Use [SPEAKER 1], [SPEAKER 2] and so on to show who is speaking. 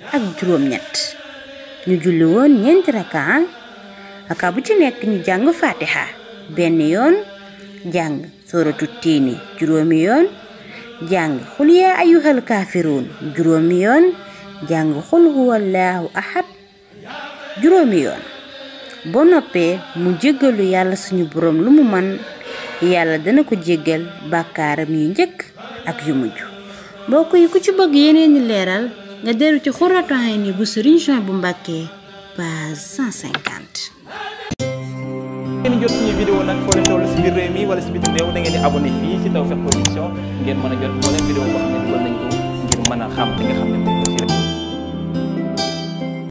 [SPEAKER 1] ak juróom-ñett ñu julli woon ñeenti rakaa rakaa bu ci nekk ñu jàng fatiha benn yoon jàng sooratu tiini juróomi yoon jàng xul yaa ayyuhal kaafiruun juróomi yoon boo noppee mu jéggalu yàlla suñu boroom lu mu man yàlla dana ko jéggal bàkkaaram yi njëkk ak yu mujj mbokk yi ku ci bëgg yeneen leeral nga dellu ci xurratu ayni bu sëriñ Juin bu Mbàkke page 150.
[SPEAKER 2] ngeen jot suñu vidéo nag foo leen toll si biir réew mi wala si bitim réew da ngeen di abonné fii si Tawfekh
[SPEAKER 3] Production ngeen mën a jot moo leen vidéo boo xam ngir mën a xam li nga xam